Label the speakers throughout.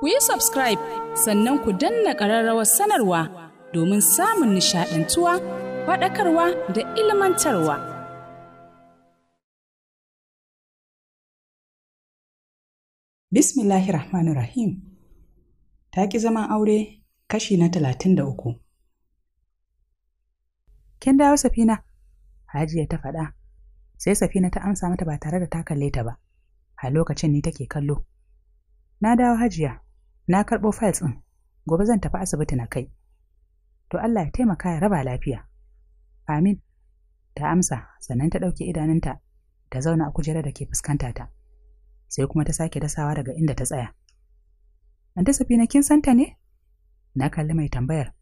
Speaker 1: ku yi subscribe sannan ku danna ƙararrawar sanarwa domin samun nishaɗantuwa faɗakarwa da ilmantarwa. Bismillahir Rahmanir Rahim Ta ƙi zaman aure kashi na talatin da uku. Kin dawo Safina? Hajiya ta faɗa. Sai Safina ta amsa mata ba tare da ta kalle ta ba. A lokacin ni take kallo. Na dawo Hajiya, na karɓo files ɗin gobe zan tafi asibiti na kai to Allah ya taimaka ya raba lafiya amin ta amsa sannan ta ɗauke idanunta ta zauna a kujerar da ke fuskanta ta sai kuma ta sake dasawa daga inda ta tsaya Anta Safina kin santa ne? Na kalli mai tambayar.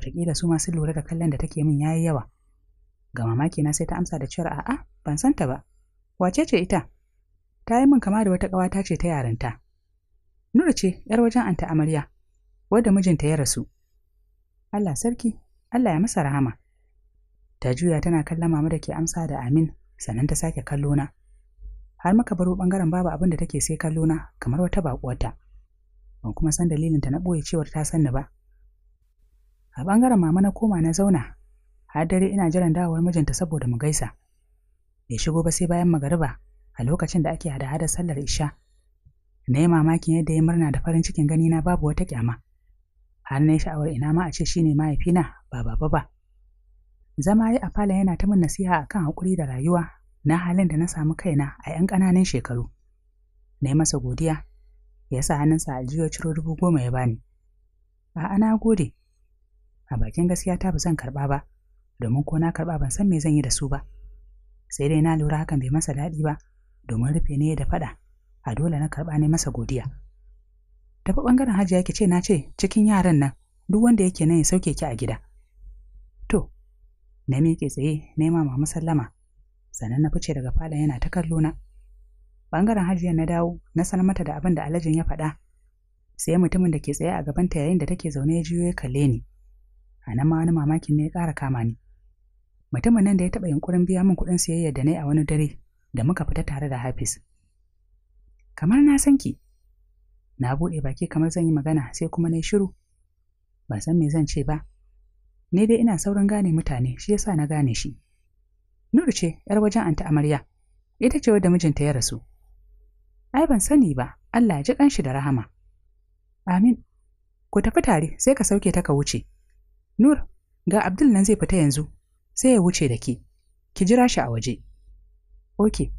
Speaker 1: kila su masu lura da kallon da take min yayi yawa. Ga mamaki na sai ta amsa da cewar a'a ban santa ba. Wace ce ita? Ta yi min kama da wata ƙawata ce ta yarinta. Nura ce ‘yar wajen anta amarya, wadda mijinta ya rasu. Allah sarki, Allah ya masa rahama. Ta juya tana kallon mama da ke amsa da amin, sannan ta sake kallo na. Har maka baro ɓangaren babu abin da take sai kallo na kamar wata baƙuwarta. Ban kuma san dalilin ta na ɓoye cewar ta san ni ba. A ɓangaren mama na koma na zauna, har dare ina jiran dawowar mijinta saboda mu gaisa. Bai shigo ba sai bayan magariba a lokacin da ake hada-hadar sallar isha. na yi mamakin yadda ya murna da farin cikin ganina babu wata kyama har na sha'awar ina ma a ce shine mahaifina ba baba ba zama yi a fala yana ta min nasiha akan haƙuri da rayuwa na halin da na samu kaina a 'yan ƙananan shekaru na yi masa godiya ya sa hannunsa a jiyo ciro dubu goma ya bani a'a na gode a bakin gaskiya ta ba zan karɓa ba domin ko na karɓa ban san me zan yi da su ba sai dai na lura hakan bai masa daɗi ba domin rufe ne da faɗa a dole na karɓa ne masa godiya tafi ɓangaren hajiya ki ce na ce cikin yaran nan duk wanda yake nan ya sauke ki a gida to na miƙe tsaye nema mama sallama sannan na fice daga falon yana ta kallo na ɓangaren hajiya na dawo na san mata da abin da alajin ya faɗa sai mutumin da ke tsaye a gabanta yayin da take zaune ya juyo ya kalle ni a nan ma wani mamakin ne ya ƙara kama ni mutumin nan da ya taɓa yunƙurin biya min kuɗin siyayya da na a wani dare da muka fita tare da Hafiz. kamar na san ki na buɗe baki kamar zan yi magana sai kuma na yi shiru ban san me zan ce ba ni dai ina saurin gane mutane shi yasa na gane shi nuru ce yar wajen anta amarya ita ce wadda mijinta ya rasu ai ban sani ba Allah ya ji kanshi da rahama amin ku tafi tare sai ka sauke ta ka wuce nur ga abdul nan zai fita yanzu sai ya wuce da ki ki jira shi a waje oke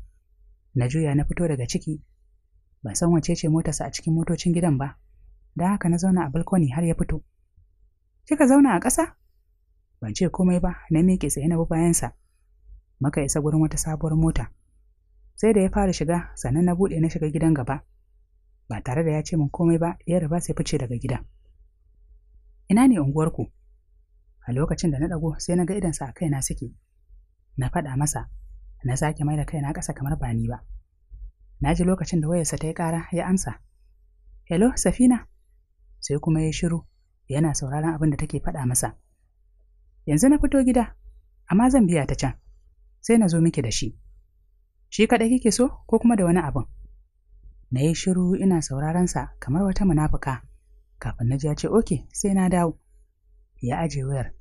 Speaker 1: na juya na fito daga ciki ban san wace ce motarsa a cikin motocin gidan ba da haka na zauna a balkoni har ya fito kika zauna a ƙasa ban ce komai ba na miƙe tsaye na bi bayansa maka isa gurin wata sabuwar mota sai da ya fara shiga sannan na buɗe na shiga gidan gaba ba tare da ya ce min komai ba ya riba sai fice daga gida ina ne unguwarku a lokacin da na ɗago sai na ga idansa a kaina suke na faɗa masa na sake mai da kaina ƙasa kamar ba ni ba na ji lokacin da wayarsa ta yi ƙara ya amsa hello safina sai kuma ya shiru yana sauraron abin da take faɗa masa yanzu na fito gida amma zan biya ta can sai na zo miki da shi shi kaɗai kike so ko kuma da wani abin na yi shiru ina saurarensa kamar wata munafuka kafin na ya ce oke sai na dawo ya aje wayar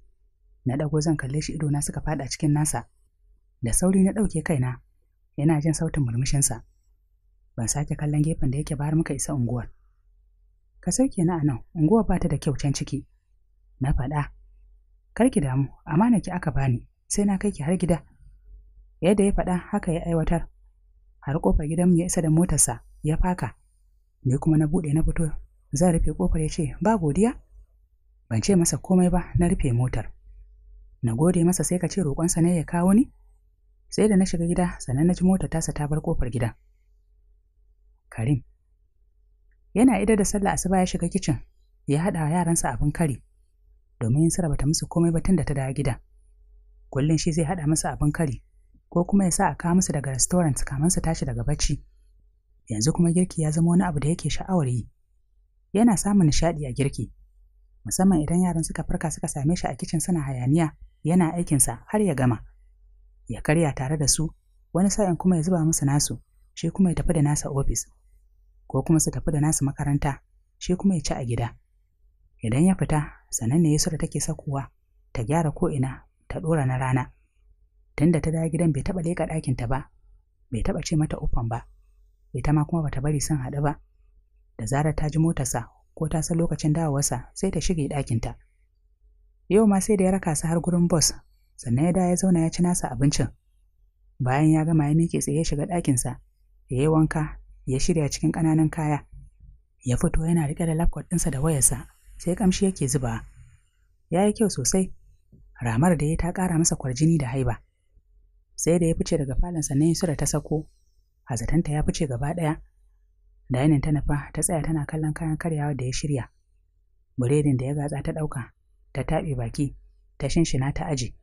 Speaker 1: na ɗago zan kalle shi idona suka faɗa cikin nasa da sauri na ɗauke kaina yana jin sautin murmushinsa. ban sake kallon gefen da yake ba maka muka isa unguwar ka sauke na anan unguwar ba ta da kyau can ciki na faɗa kar ki damu amana ki aka bani sai na kai ki har gida yadda ya faɗa haka ya aiwatar har kofar gidanmu ya isa da motarsa ya faka ni kuma na buɗe na fito zan rufe kofar ya ce ba godiya ban ce masa komai ba na rufe motar na gode masa sai ka ce roƙonsa ne ya kawo ni sai da na shiga gida sannan na ji motar tasa ta bar kofar gidan Karim. Yana ida da sallah asuba ya shiga kicin ya haɗa yaransa abin kari domin yin bata musu komai ba tun da ta dawo gida. Kullum shi zai haɗa musu abin kari ko kuma ya sa a kawo musu daga restaurant kamar su tashi daga bacci. Yanzu kuma girki ya zama wani abu da yake sha'awar yi. Yana samun nishaɗi a girki, musamman idan yaran suka farka suka same shi a kicin suna hayaniya yana aikinsa har ya gama. Ya karya tare da su, wani sa'in kuma ya zuba musu nasu, shi kuma ya tafi da nasa ofis. ko kuma su tafi da nasu makaranta shi kuma ya ci a gida idan ya fita sanan ne yasu da take sakuwa ta gyara ko ina ta ɗora na rana tunda ta dawo gidan bai taɓa leka ɗakinta ba bai taɓa ce mata ufan ba ita ma kuma bata bari san haɗu ba da zarar ta ji motarsa ko ta san lokacin dawowarsa sai ta shige ta yau ma sai da ya raka su har gurin bos sannan ya da ya zauna ya ci nasa abincin bayan ya gama ya miƙe tsaye ya shiga ɗakinsa ya yi wanka ya shirya cikin ƙananan kaya ya fito yana rike da laptop ɗinsa da wayarsa sai kamshi yake zuba ya yi kyau sosai ramar da ya ta ƙara masa kwarjini da haiba sai da ya fice daga falon sannan sura ta sako hazatanta ya fice gaba ɗaya dainin ta nufa ta tsaya tana kallon kayan karyawa da ya shirya biredin da ya gatsa ta ɗauka ta taɓe baki ta shinshina ta aji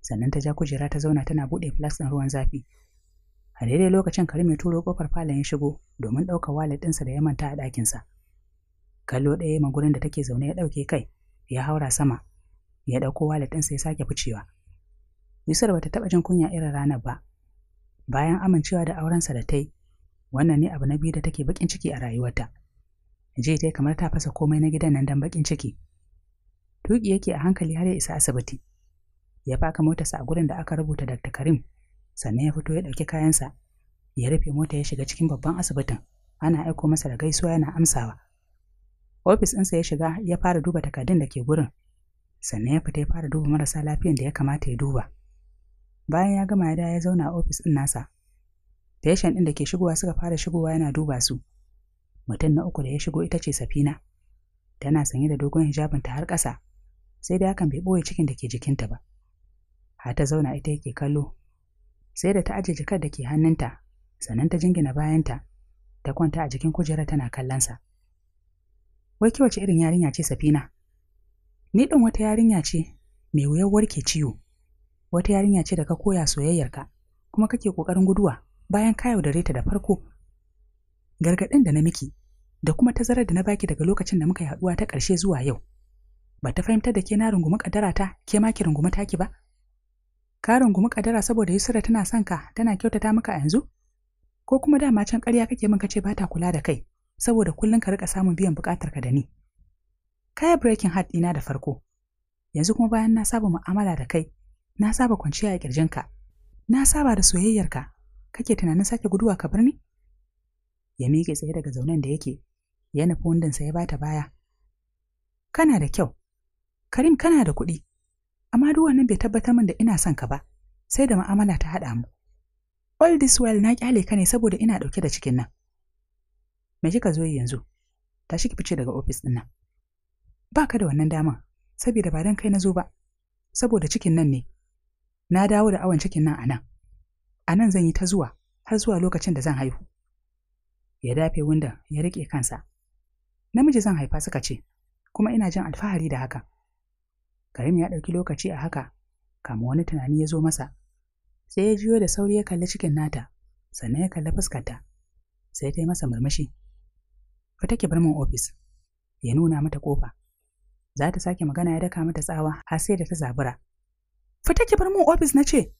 Speaker 1: sannan ta ja kujera ta zauna tana buɗe filas ɗin ruwan zafi a daidai lokacin karim ya turo kofar falon ya shigo domin ɗaukar walet ɗinsa da ya manta a ɗakinsa kallo ɗaya ma gurin da take zaune ya ɗauke kai ya haura sama ya ɗauko walet ɗinsa ya sake ficewa yusuf bata taɓa jin kunya irin ranar ba bayan amincewa da aurensa da ta yi wannan ne abu na biyu da take baƙin ciki a rayuwarta jiya ta kamar ta fasa komai na gidan nan don baƙin ciki tuƙi yake a hankali har ya isa asibiti ya faka motarsa a gurin da aka rubuta Dr. Karim sannan ya fito ya ɗauki kayansa ya rufe mota ya shiga cikin babban asibitin ana aiko masa da gaisuwa yana amsawa ofis ɗinsa ya shiga ya fara duba takardun da ke gurin sannan ya fita ya fara duba marasa lafiyan da ya kamata ya duba bayan ya gama ya ya zauna a ofis ɗin nasa feshen ɗin da ke shigowa suka fara shigowa yana duba su mutum na uku da ya shigo ita ce safina tana sanye da dogon hijabinta har ƙasa sai dai hakan bai ɓoye cikin da ke jikinta ba har ta zauna ita yake kallo sai da ta aje jikar da ke hannunta sannan ta jingina bayanta ta kwanta a jikin kujerar tana kallonsa wai ke wace irin yarinya ce safina ni ɗin wata yarinya ce mai wuyar warke ciwo wata yarinya ce da ka koya soyayyarka kuma kake ƙoƙarin guduwa bayan ka yaudare ta da farko gargaɗin da na miki da kuma tazarar da na baki daga lokacin da muka yi ta ƙarshe zuwa yau ba ta fahimtar da ke na rungumi ƙadarata ke ma ki rungumi taki ba ka rungumi kadara saboda Yusra tana son ka tana kyautata maka yanzu ko kuma dama can ƙarya kake min kace ba ta kula da kai saboda kullun ka rika samun biyan buƙatar ka da ni kaya breaking heart ina da farko yanzu kuma bayan na saba mu'amala da kai na saba kwanciya a kirjin ka. na saba da soyayyar Ka kake tunanin sake guduwa ka birni ya mike tsaye daga zaunen da yake ya nufi sa ya bata baya kana da kyau karim kana da kuɗi amma duk wannan bai tabbatar min da ina son ka ba sai da ma'amala ta haɗa mu all this while na kyale ka ne saboda ina ɗauke da cikin nan me kika zo yanzu tashi ki fice daga ofis ɗin nan ba ka da wannan daman saboda ba dan kai na zo ba saboda cikin nan ne na dawo da awon cikin nan anan. nan a nan zan yi ta zuwa har zuwa lokacin da zan haihu ya dafe wundan ya riƙe kansa namiji zan haifa suka ce kuma ina jin alfahari da haka Karim ya ɗauki lokaci a haka, kama wani tunani ya zo masa. Sai ya jiyo da sauri ya kalli cikin nata, sannan ya kalli fuskarta. Sai ta yi masa murmushi. Fita ki bar min ofis. Ya nuna mata kofa. Za ta sake magana ya daka mata tsawa har sai da ta zabura. Fita ki bar min ofis na ce.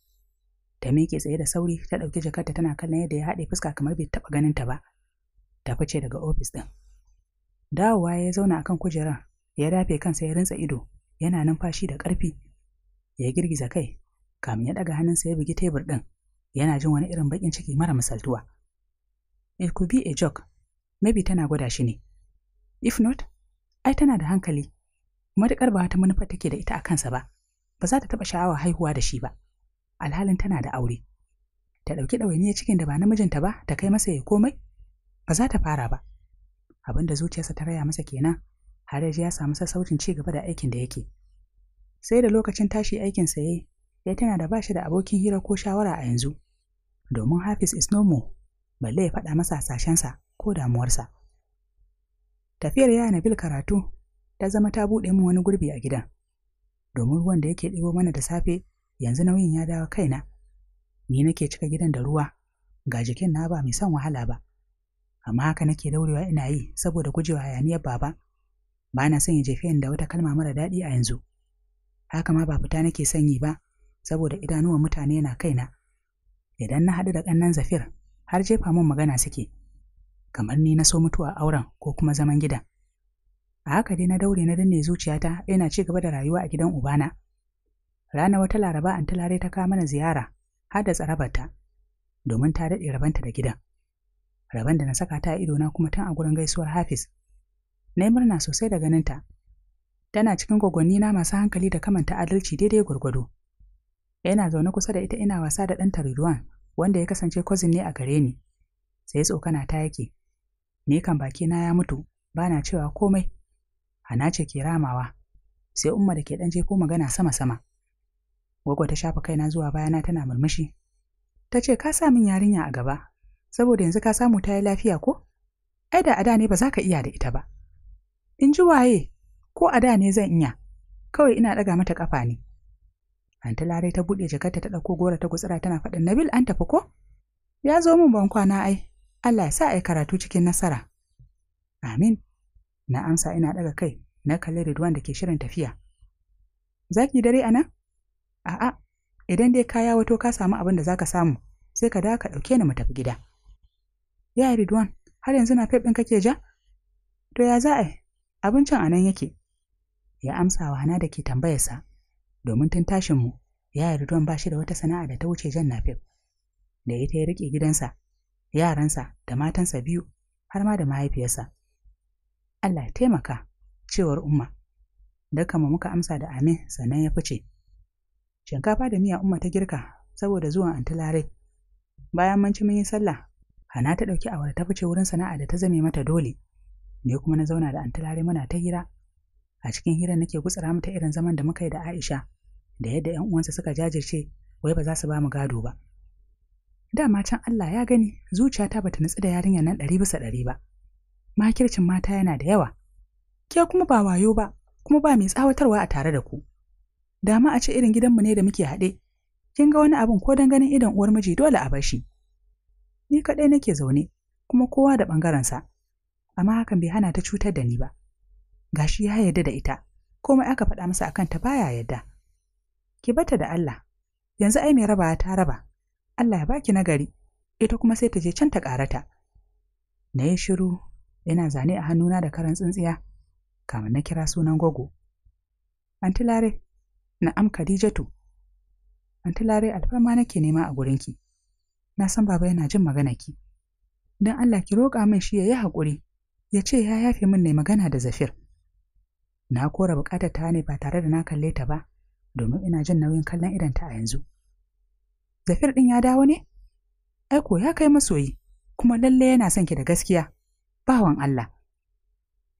Speaker 1: Ta miƙe tsaye da sauri ta ɗauki jakarta tana kallon yadda ya haɗe fuska kamar bai taɓa ganin ta ba. Ta fice daga ofis ɗin. Dawowa ya zauna akan kujerar ya dafe kansa ya rintsa ido yana numfashi da ƙarfi ya girgiza kai kamin ya ɗaga hannunsa ya bugi tebur ɗin yana jin wani irin baƙin ciki mara misaltuwa it could be a joke maybe tana gwada shi ne if not ai tana da hankali matuƙar ba wata manufa take da ita a kansa ba ba za ta taɓa sha'awa haihuwa da shi ba alhalin tana da aure ta ɗauki ɗawainiyar cikin da ba namijinta ba ta kai masa ya komai ba za ta fara ba abin da zuciyarsa ta raya masa kenan Haraj ya samu sassaucin ci gaba da aikin da yake. Sai da lokacin tashi aikin sa yayi, ya tana da bashi da abokin hira ko shawara a yanzu. Domin Hafiz is no more, balle ya faɗa masa sa ko damuwarsa. Tafiyar ya Nabil karatu ta zama ta buɗe min wani gurbi a gidan. Domin ruwan da yake dibo mana da safe, yanzu nauyin ya dawo kaina. Ni nake cika gidan da ruwa, ga jikin na ba mai son wahala ba. Amma haka nake daurewa ina yi saboda gujewa hayaniyar baba ba na son ya jefe ni da wata kalma mara daɗi a yanzu haka ma ba fita nake son yi ba saboda idanuwan mutane na kaina idan na haɗu da ƙannan zafir har jefa min magana suke kamar ni na so mutuwa auren ko kuma zaman gida a haka dai na daure na danne zuciyata ina ci gaba da rayuwa a gidan ubana rana wata laraba an talare ta kawo mana ziyara har da tsarabarta domin ta daɗe rabanta da gidan raban da na saka ta a idona kuma tun a gurin gaisuwar hafiz na yi murna sosai da ganinta. Tana cikin gwagwanni na masu hankali da ta adalci daidai gwargwado. Yana zaune kusa da ita ina wasa da ɗanta Ridwan, wanda ya kasance kwazin ne a gare ni. Sai tsokana ta yake. Ni kan baki na ya mutu, bana cewa komai. Hana ce ke ramawa. Sai Umma da ke ɗan jefo magana sama-sama. Gwagwa ta shafa kaina zuwa bayana tana murmushi. Ta ce, Ka sa min yarinya a gaba, saboda yanzu ka samu ta yi lafiya ko? Ai da a da ne ba za ka iya da ita ba. In ji waye, ko a da ne zan iya, kawai ina ɗaga mata ƙafa ne. Anta Larai ta buɗe jakarta ta ɗauko gora ta gutsira tana faɗin Nabil an tafi ko? Ya zo min ban kwana ai, Allah ya sa ai karatu cikin nasara. Amin. Na amsa ina ɗaga kai, na kalli Ridwan da ke shirin tafiya. Zaki dare a nan? A'a, idan dai kaya wato ka samu abin da za ka samu, sai ka dawo ka ɗauke ni mu tafi gida. Ya Ridwan, har yanzu na fef ɗin kake ja? To ya za a abincin a nan yake ya amsa wa hana da ke tambayarsa domin tun tashin mu. ya yi ridwan ba shi da wata sana'a da ta wuce jan nafif da ita ya riƙe gidansa yaransa da matansa biyu har ma da mahaifiyarsa Allah taimaka cewar umma da mu muka amsa da amin sannan ya fice shinkafa da miya umma ta girka saboda zuwan antilare bayan mun ci mun yi sallah hana ta ɗauki awara ta fice wurin sana'a da ta zame mata dole ne kuma na zauna da antalare muna ta hira a cikin hira nake gutsara mata irin zaman da muka yi da Aisha da yadda ƴan uwansa suka jajirce wai ba za su ba mu gado ba dama can Allah ya gani zuciyata bata nutsu da yarinya nan ɗari bisa ɗari ba makircin mata yana da yawa ke kuma ba wayo ba kuma ba mai tsawatarwa a tare da ku dama a ce irin gidanmu ne da muke haɗe kin ga wani abin ko don ganin idon uwar miji dole a bashi ni kaɗai nake zaune kuma kowa da ɓangarensa amma hakan bai hana ta cutar da ni ba. Gashi ya yarda da ita, komai aka faɗa masa akan ta baya yarda. Ki bata da Allah, yanzu ai mai raba ta raba, Allah ya baki nagari, ita kuma sai ta je can ta ƙarata. Na yi shiru, yana zane a hannuna da karan tsintsiya, kamar na kira sunan gogo. Antilare, na'am Khadijatu. Antilare alfarma nake nema a gurinki. Na san baba yana jin magana ki. Don Allah ki roƙa min shi ya yi haƙuri, ya ce ya yafe min ne magana da zafir na kora bukatar ta ne ba tare da na kalle ta ba domin ina jin nauyin kallon idanta a yanzu zafir din ya dawo ne aiko ya kai masoyi kuma lalle yana son ki da gaskiya bawan Allah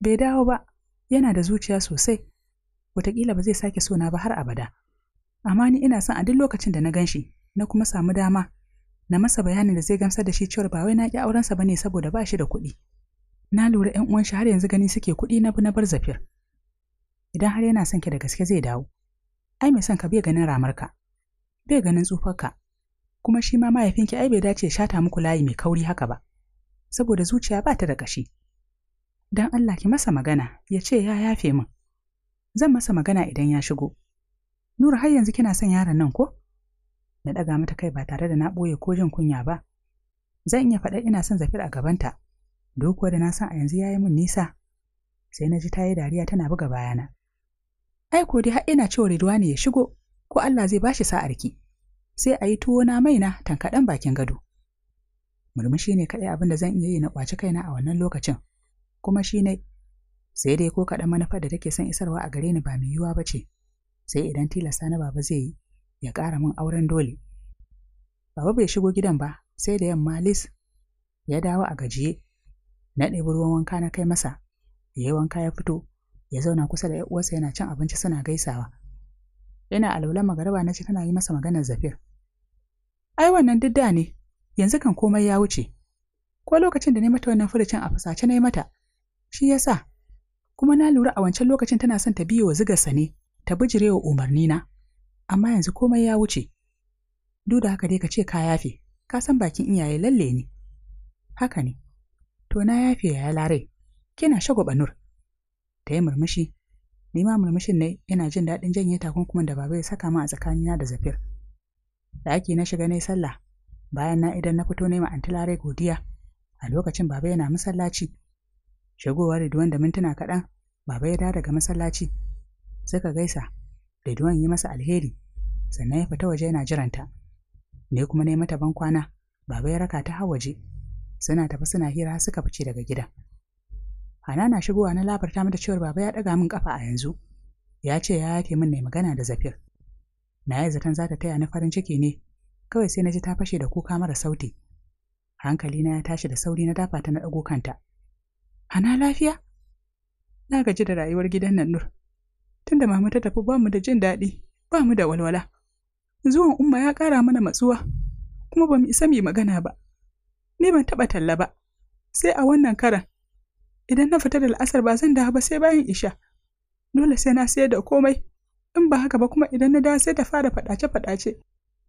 Speaker 1: bai dawo ba yana da zuciya sosai wataƙila ba zai sake sona ba har abada amma ni ina son a duk lokacin da na gan shi na kuma samu dama na masa bayanin da zai gamsar da shi cewar ba wai na ƙi aurensa ba ne saboda ba shi da kuɗi na lura ƴan uwan shi har yanzu gani suke kuɗi na na bar zafir idan har yana son ki da gaske zai dawo ai mai son ka bai ganin ramarka bai ganin tsufarka kuma shi ma mahaifinki ai bai dace shata muku layi mai kauri haka ba saboda zuciya ba ta da kashi dan Allah ki masa magana ya ce ya yafe min zan masa magana idan ya shigo Nura har yanzu kina son yaron nan ko na ɗaga mata kai ba tare da na ɓoye ko jin kunya ba zan iya faɗa ina son zafir a gabanta dokuwa da na san a yanzu ya yi min nisa sai na ji ta yi dariya tana buga bayana ai ko dai har ina cewa Ridwani ya shigo ko Allah zai bashi sa'arki sai a yi tuwo na mai na tankaɗen bakin gado murmushi ne kaɗai abin da zan iya yi na kwaci kaina a wannan lokacin kuma shi ne sai dai ko kaɗan manufar da take son isarwa a gare ni ba mai yiwuwa ba ce sai idan tilasta na baba zai yi ya ƙara min auren dole baba bai shigo gidan ba sai da yamma lis ya dawo a gajiye na ɗebi ruwan wanka na kai masa ya yi wanka ya fito ya zauna kusa da uwarsa yana cin abinci suna gaisawa yana alwala magaraba na ce tana yi masa maganar zafir ai wannan duk da ne yanzu kan komai ya wuce ko lokacin da na mata wannan furucin a fasace na yi mata shi yasa kuma na lura a wancan lokacin tana son ta biye wa zigarsa ne ta bijire wa umarni na amma yanzu komai ya wuce duk da haka dai ka ce ka yafe ka san bakin iyaye lalle ne haka ne To na yafe ya lare, kina shago banur. Ta yi murmushi, ni ma murmushin ne ina jin daɗin janye takunkumin da baba ya saka min a tsakanina da zafir. ake na shiga na sallah, bayan na idan na fito ne ma anti lare godiya, a lokacin baba yana masallaci. Shigowar Ridwan da mintuna kaɗan, baba ya da daga masallaci. Suka gaisa, Ridwan yi masa alheri, sannan ya fita waje yana jiranta. Ne kuma na yi mata ban kwana, baba ya raka ta har waje. suna tafi suna hira suka fice daga gidan hana na shigowa na labarta mata cewar baba ya ɗaga min ƙafa a yanzu ya ce ya yake min na magana da zafir na yi zaton za ta taya ni farin ciki ne kawai sai na ji ta fashe da kuka mara sauti hankali na ya tashi da sauri na dafa ta na ɗago kanta hana lafiya na gaji da rayuwar gidan nan nur tunda mama ta tafi bamu da jin daɗi bamu da walwala zuwan umma ya ƙara mana matsuwa kuma ba mu isa mu magana ba ni ban taɓa talla ba sai a wannan karan idan na fita da la'asar ba zan dawo ba sai bayan isha dole sai na sayar da komai in ba haka ba kuma idan na dawo sai ta fara faɗace-faɗace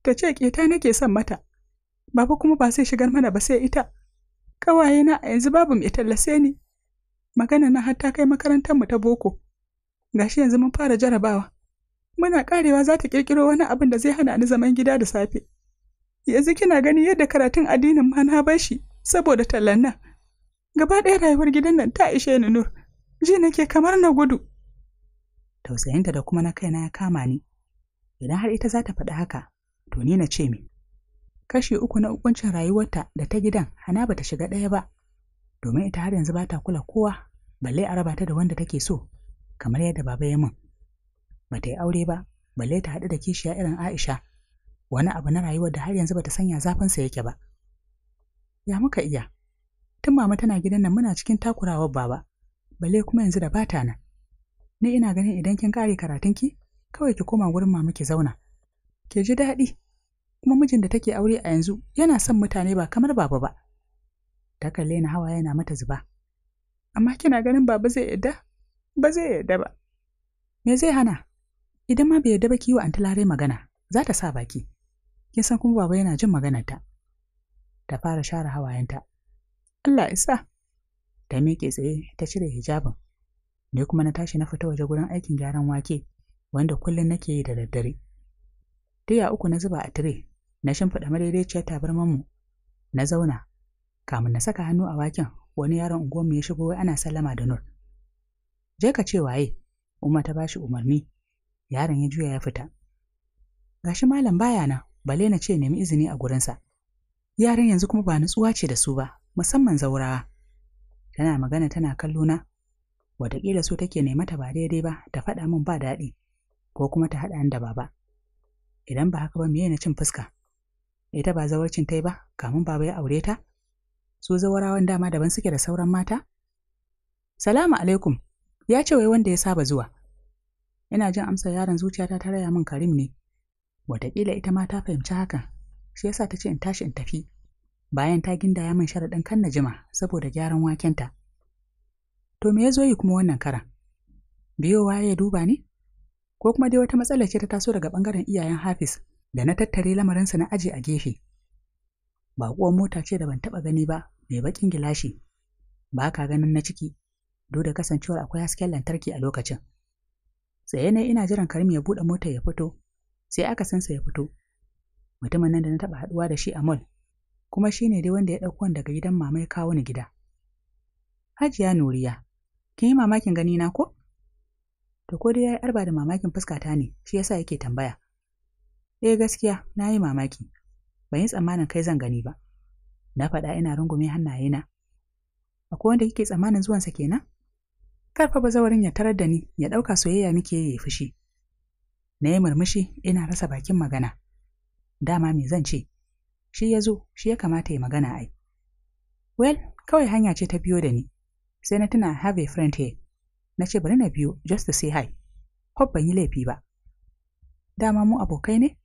Speaker 1: ta ce ƙeta nake son mata baba kuma ba zai shigar mana ba sai ita kawaye na a yanzu babu mai tallace ni magana na har ta kai makarantar mu ta boko gashi yanzu mun fara jarabawa muna karewa za ta kirkiro wani abin da zai hana ni zaman gida da safe yanzu kina gani yadda karatun addinin ma na bashi saboda tallan nan gaba ɗaya rayuwar gidan nan ta ishe ni nur ji nake kamar na gudu tausayinta da kuma na kai na, ya kama ni idan har ita za ta faɗi haka to ni na ce mi kashi uku na hukuncin rayuwarta da ta gidan hana bata shiga ɗaya ba domin ita har yanzu ba ta kula kowa balle a raba ta da wanda take so kamar yadda baba ya min ba ta yi aure ba balle ta haɗu da kishiya irin aisha wani abu na rayuwar da har yanzu bata sanya sa yake ba ya muka iya tun mama tana gidan nan muna cikin takurawar baba balle kuma yanzu da bata nan ni ina ganin idan kin kare karatun ki, kawai ki koma gurin mama ki zauna ke ji daɗi kuma mijin da take aure a yanzu yana son mutane ba kamar baba ba ta kalle ni hawa yana mata zuba amma kina ganin baba zai yadda ba zai yadda ba me zai hana idan ma bai yadda ba ki yi wa antilare magana za ta sa baki kin san kuma baba yana jin maganarta ta fara share hawayenta Allah isa ta miƙe tsaye ta cire hijabin ne kuma na tashi na fita waje gurin aikin gyaran wake wanda kullum nake yi da daddare tiya uku na zuba a tire na shimfiɗa madaidaiciyar tabarmar mu na zauna kamun na saka hannu a waken wani yaron unguwarmu ya shigo ana sallama da nur je ka ce waye umma ta bashi umarni yaron ya juya ya fita gashi malam baya nan bale na ce nemi izini a gurinsa yaran yanzu kuma ba nutsuwa ce da su ba musamman zaurawa tana magana tana kallo na wataƙila so take nema ta ba daidai ba ta faɗa min ba daɗi ko kuma ta haɗa ni da baba idan ba haka ba me na cin fuska ita ba zawarcin tai ba kamun baba ya aure ta su zawarawan dama daban suke da sauran mata salamu alaikum ya ce wai wanda ya saba zuwa ina jin amsa yaron zuciyata ta raya min karim ne Wataƙila ita ma ta fahimci hakan, shi yasa ta ce in tashi in tafi. Bayan ta ginda ya min sharaɗin kan na jima saboda gyaran wakenta. To me ya zo yi kuma wannan karan? Biyowa ya duba ni? Ko kuma dai wata matsala ce ta taso daga ɓangaren iyayen Hafiz da na tattare lamarinsa na aje a gefe. Ba kuwa mota ce da ban taɓa gani ba mai bakin gilashi. Ba ka ganin na ciki, duk da kasancewar akwai hasken lantarki a lokacin. Tsaye ne ina jiran Karim ya buɗe mota ya fito, sai aka san sa ya fito mutumin nan da na taɓa haɗuwa da shi a mall kuma shi ne dai wanda ya ɗauko daga gidan mama ya kawo ni gida hajiya nuriya kin yi mamakin gani na ko to ko dai yayi yi arba da mamakin fuskata ne shi yasa yake tambaya eh gaskiya na yi mamaki ban yi tsammanin kai zan gani ba na faɗa ina rungume hannayena akwai wanda kike tsammanin zuwansa kenan kar bazawarin ya tarar da ni ya ɗauka soyayya muke yi fushi Na yi murmushi ina rasa bakin magana. Dama me zan ce? Shi ya zo, shi ya kamata ya magana ai. Well, kawai hanya ce ta biyo da ni. Sai na tuna have a friend here. Na ce bari na biyo just to say hi. Hope ban yi laifi ba. Dama mu abokai ne?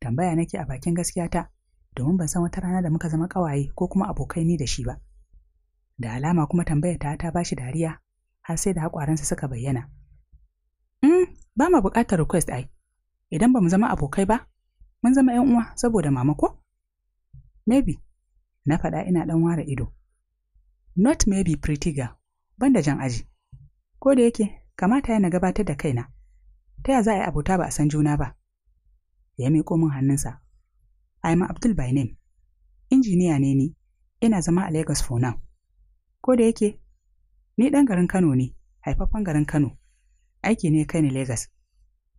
Speaker 1: Tambaya nake a bakin gaskiya ta, domin ban san wata rana da muka zama ƙawaye ko kuma abokai ni da shi ba. Da alama kuma tambayar ta ta bashi dariya har sai da hakwaransa suka bayyana. Mm, ba ma buƙatar request ai idan ba mu zama abokai ba mun zama ƴan uwa saboda mama ko maybe na faɗa ina ɗan ware ido not maybe pretty girl banda jan aji ko da yake kamata yana gabatar da kaina ta ya za a yi abota ba a san juna ba ya miƙo min hannunsa I'm Abdul by name injiniya ne ni ina zama a Lagos for now ko da yake ni ɗan garin Kano ne haifaffen garin Kano aiki ne kai ni Legas.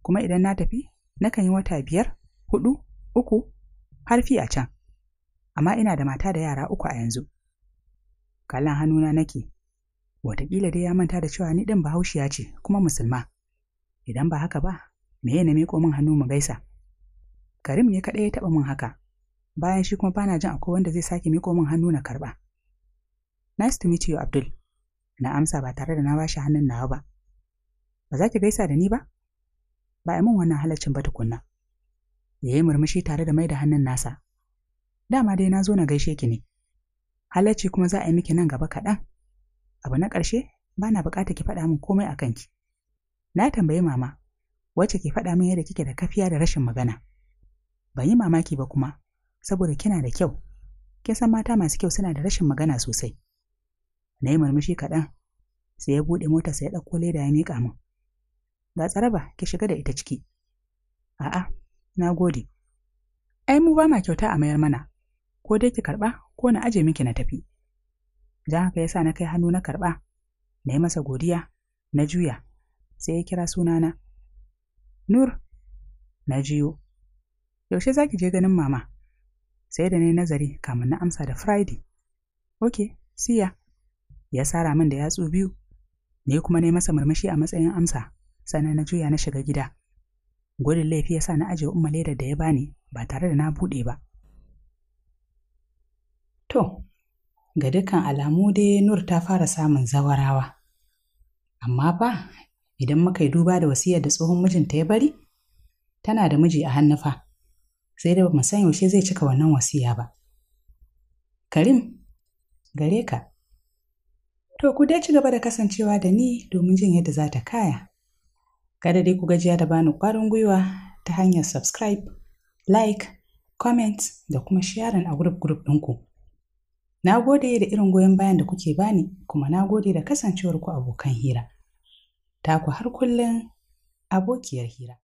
Speaker 1: Kuma idan na tafi, nakan yi wata biyar, hudu, uku, harfi a can. Amma ina da mata da yara uku a yanzu. Kallon hannuna nake, wataƙila dai ya manta da cewa ni ɗin bahaushiya ce kuma musulma. Idan ba haka ba, me ya nemi min hannu mu gaisa? Karim ne kaɗai ya taɓa min haka, bayan shi kuma bana jin akwai wanda zai sake miƙo min hannu na karɓa. Nice to meet you, Abdul. Na amsa ba tare da na bashi hannun nawa ba. ba za ki gaisa da ni ba ba a min wannan halaccin ba tukunna ya yi murmushi tare da mai da hannun nasa dama dai na zo na gaishe ki ne halacci kuma za a yi miki nan gaba kaɗan abu na ƙarshe ba na buƙatar ki faɗa min komai a kanki na tambayi mama wacce ke faɗa min yadda kike da kafiya da rashin magana ban yi mamaki ba kuma saboda kina da kyau kin san mata masu kyau suna da rashin magana sosai na yi murmushi kaɗan sai ya buɗe motarsa ya ɗauko leda ya miƙa min ga tsaraba ki shiga da ita ciki a'a na gode ai mu ba ma kyauta a mayar mana ko dai ki karɓa ko na aje miki na tafi dan haka yasa na kai hannu na karɓa. na yi masa godiya na juya sai ya kira sunana nur na jiyo yaushe za ki je ganin mama sai da na yi nazari kamin na amsa da friday ok siya ya sara min da yatsu biyu ne kuma ne masa murmushi a matsayin amsa sannan na juya na shiga gida gudun laifi ya sa na ajiye umma leda da ya bani ba tare da na buɗe ba to ga dukkan alamu dai nur ta fara samun zawarawa amma fa idan muka yi duba da wasiyar da tsohon mijinta ya bari tana da miji a hannufa sai da mu san yaushe zai cika wannan wasiya ba karim gare ka to ku dai ci gaba da kasancewa da ni domin jin yadda za ta kaya Kada dai ku gajiya da bani kwarin gwiwa ta hanyar subscribe, like, comment da kuma sharing a group group ɗinku. Na gode da irin goyon bayan da kuke bani kuma na gode da kasancewarku abokan hira. Taku har kullum abokiyar hira.